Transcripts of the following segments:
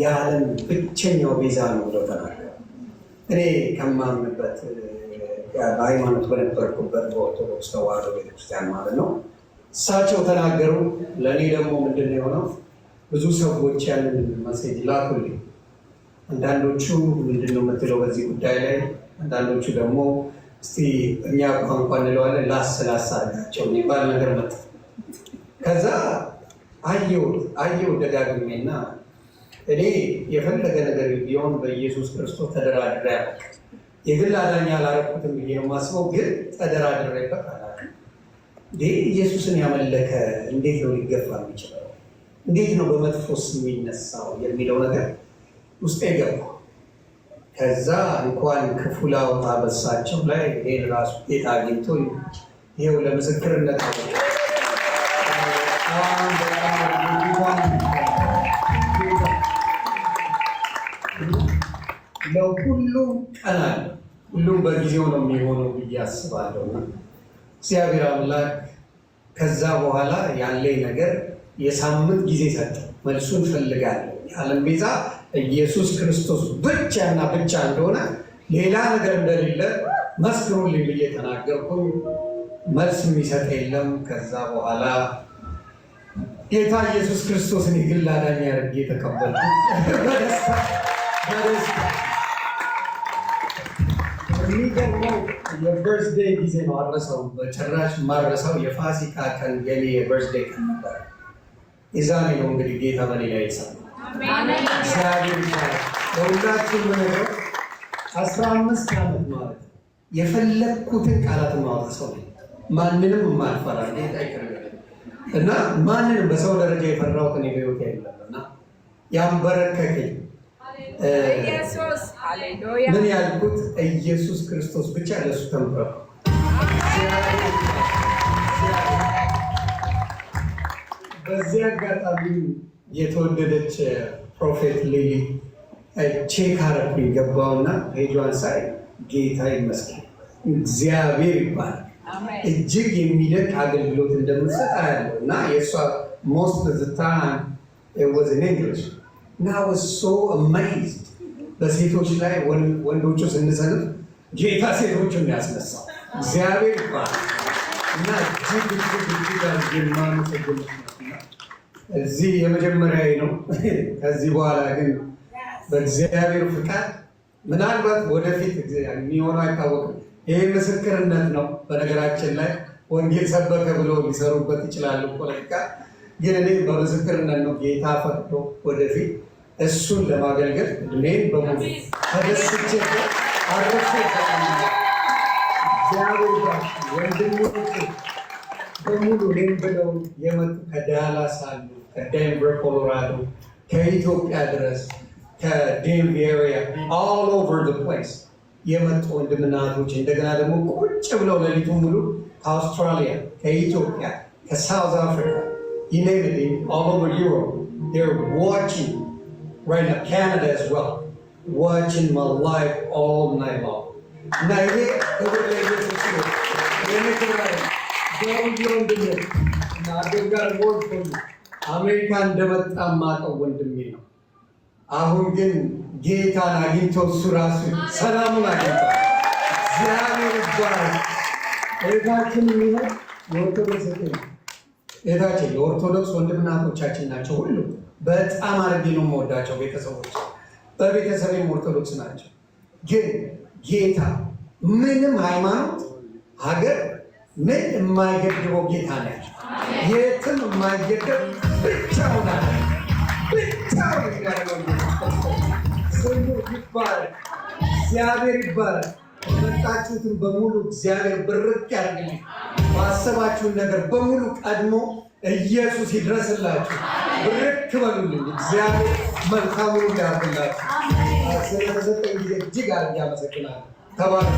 የዓለም ብቸኛው ቤዛ ነው ብለው ተናገሩ። እኔ ከማምንበት በሃይማኖት በነበርኩበት በኦርቶዶክስ ተዋህዶ ቤተክርስቲያን ማለት ነው እሳቸው ተናገሩ። ለእኔ ደግሞ ምንድን ነው የሆነው? ብዙ ሰዎች ያንን መሴጅ ላኩልኝ። አንዳንዶቹ ምንድን ነው የምትለው በዚህ ጉዳይ ላይ፣ አንዳንዶቹ ደግሞ እስቲ እኛ ቋንቋ እንለዋለን ላስ ላስ አድርጋቸው የሚባል ነገር መጣ። ከዛ አየው አየሁት ደጋግሜና እኔ የፈለገ ነገር ቢሆን በኢየሱስ ክርስቶስ ተደራድሬ አላውቅም። የግል አዳኝ አላረኩትም ብዬ ነው የማስበው። ግን ተደራድሬበት አላውቅም። ኢየሱስን ያመለከ እንዴት ነው ሊገፋ የሚችለው? እንዴት ነው ስም የሚነሳው የሚለው ነገር ውስጤ ገባ። ከዛ እንኳን ክፉ ላውጣ በሳቸው ላይ ይሄን ራሱ ጌታ አግኝቶ ይሄው ለምስክርነት ለሁሉም ቀን አለ። ሁሉም በጊዜው ነው የሚሆነው ብዬ አስባለሁ። እግዚአብሔር አምላክ ከዛ በኋላ ያለኝ ነገር የሳምንት ጊዜ ሰጠ። መልሱን ፈልጋለሁ። የዓለም ቤዛ ኢየሱስ ክርስቶስ ብቻና ብቻ እንደሆነ ሌላ ነገር እንደሌለ መስክሩልኝ ብዬ ተናገርኩ። መልስ የሚሰጥ የለም። ከዛ በኋላ ጌታ ኢየሱስ ክርስቶስን የግል አዳኝ አድርጌ ተቀበልኩ በደስታ የሚገርመው የበርዝዴይ ጊዜ ነው። አረሰው በጭራሽ ማረሰው የፋሲካ ቀን የኔ የበርዝዴይ ቀን ነበር። የዛኔ ነው እንግዲህ ጌታ በሌላ ይሰራ ለሁላችሁ አስራ አምስት ዓመት ማለት የፈለግኩትን ቃላት ማወቅ ማንንም የማልፈራ እና ማንንም በሰው ደረጃ የፈራሁትን የህይወት ያለና ያንበረከከኝ ምን ያልኩት ኢየሱስ ክርስቶስ ብቻ ለሱ ተምረ በዚህ አጋጣሚ የተወደደች ፕሮፌት ልዩ ቼክ አረኩኝ ገባውና ሄጇን ሳይ ጌታ ይመስገን እግዚአብሔር ይባላል። እጅግ የሚደቅ አገልግሎት እንደምትሰጥ ያለው እና የእሷ ሞስት ዝታ ወዝኔ እንግሊሽ እና ወሶ መይዝ በሴቶች ላይ ወንዶቹ ስንሰልፍ ጌታ ሴቶቹን ያስነሳው እግዚአብሔር ይባላል። እና እጅግ እጅግ የማመሰግን እዚህ የመጀመሪያዊ ነው። ከዚህ በኋላ ግን በእግዚአብሔር ፍቃድ ምናልባት ወደፊት የሚሆነው አይታወቅም። ይህ ምስክርነት ነው። በነገራችን ላይ ወንጌል ሰበከ ብሎ ሊሰሩበት ይችላሉ ፖለቲካ ግን እኔ በምስክርነት ነው ጌታ ፈቅዶ ወደፊት እሱን ለማገልገል እኔም በሙሉ ተደስቼ አረሴ ወንድሞች በሙሉ እኔም ብለው የመጡ ከዳላስ አሉ፣ ኮሎራዶ፣ ከኢትዮጵያ ድረስ ከዴንቪ ኤሪያ ኦል ኦቨር ፕሌስ የመጡ ወንድምናቶች እንደገና ደግሞ ቁጭ ብለው ሌሊቱ ሙሉ ከአውስትራሊያ፣ ከኢትዮጵያ፣ ከሳውዝ አፍሪካ you name it, all over Europe. They're watching right now, Canada as well, watching my life all night long. Na iye kagulay sa sila. Yan ito na Don't I yung got a word for me. American dapat ang matawandam nila. አሁን ግን ጌታን አግኝቶ እሱ ራሱ ሰላሙን አግኝቷ እግዚአብሔር ይባላል። እህታችን የሚሆን say? እህታቼ የኦርቶዶክስ ወንድምናቶቻችን ናቸው ሁሉ በጣም አድርጌ ነው የምወዳቸው። ቤተሰቦች በቤተሰቤም ኦርቶዶክስ ናቸው። ግን ጌታ ምንም ሃይማኖት፣ ሀገር ምን የማይገድበው ጌታ ነው። የትም የማይገደብ ብቻ አለ ብቻ ያለው ይባላል። እግዚአብሔር ይባላል። መጣችሁትን በሙሉ እግዚአብሔር ብርቅ ያድርግልኝ። ባሰባችሁን ነገር በሙሉ ቀድሞ ኢየሱስ ይድረስላችሁ። ብርክ በሉልኝ። እግዚአብሔር መልካሙ ያድርግላችሁ። ስለተሰጠኝ ጊዜ እጅግ አድርጌ አመሰግናለሁ። ተባረኩ።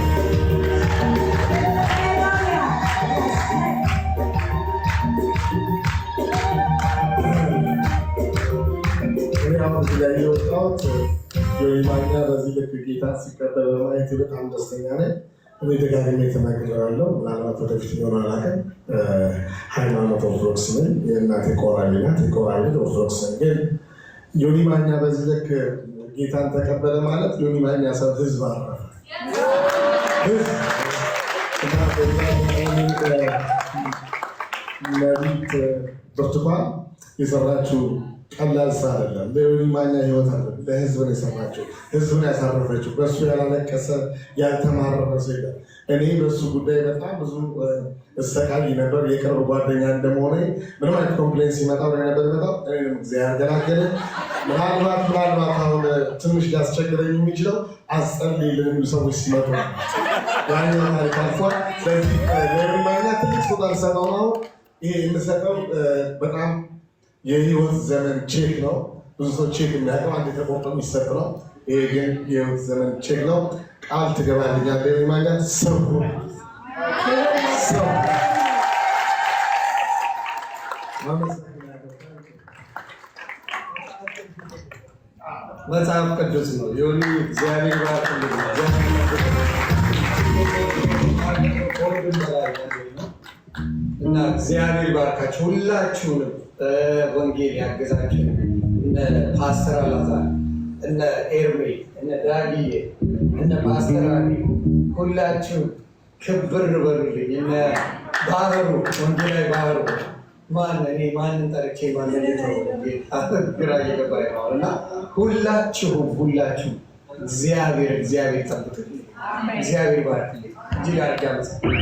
በዚህ ልክ ጌታ ሲቀጠል በማየት በጣም ደስተኛ ነኝ። እኔ ደጋግሜ ተናግሬያለሁ። ምናልባት ወደፊት ሆነ አላውቅም። ሃይማኖት ኦርቶዶክስ ነኝ። የእናቴ ቆራሌ ናት። የቆራሌ ኦርቶዶክስ ነኝ። ግን ዮኒ ማኛ በዚህ ልክ ጌታን ተቀበለ ማለት ዮኒ ማኛ ሰብ ህዝብ አረፈ ነቢት ብርቱካን የሰራችው ቀላል ስራ አይደለም። ለዮኒ ማኛ ህይወት አለ። ለህዝብ ነው የሰራችው፣ ህዝብ ነው ያሳረፈችው። በእሱ ያላለቀሰ ያልተማረረ ሰው የለም። እኔ በእሱ ጉዳይ በጣም ብዙ እሰቃቂ ነበር። የቅርብ ጓደኛ እንደመሆነ ምንም አይነት ኮምፕሌን ሲመጣ ወደ ነበር ይመጣ እኔም እግዚአብሔር ገላገለ። ምናልባት ምናልባት አሁን ትንሽ ሊያስቸግረኝ የሚችለው አስጸልይልን ሰዎች ሲመጡ ያኛ ታሪክ አልፏል። ለዚህ ለዮኒ ማኛ ትልቅ ቦታ ልሰጠው ነው። ይሄ የምሰጠው በጣም የህይወት ዘመን ቼክ ነው። ብዙ ሰው ቼክ የሚያውቀው አንድ የተቆርጦ የሚሰጥ ነው። ይሄ ግን የህይወት ዘመን ቼክ ነው። ቃል ትገባልኛ ማኛ ሰው መጽሐፍ ቅዱስ ነው የሆኑ እግዚአብሔር እና እግዚአብሔር ባርካቸው ሁላችሁንም በወንጌል ያገዛቸው እነ ፓስተር አላዛር፣ እነ ኤርሜ፣ እነ ዳግዬ፣ እነ ፓስተር አሊ ሁላችሁ ክብር በሉልኝ። እነ ባህሩ ወንጌላዊ ባህሩ ማን እኔ ማንን ጠርቼ ማንን ግራ እየገባ ይሆናል። እና ሁላችሁም ሁላችሁም እግዚአብሔር እግዚአብሔር ጠብቅልኝ፣ እግዚአብሔር ባርክልኝ። እጅግ አድርጋ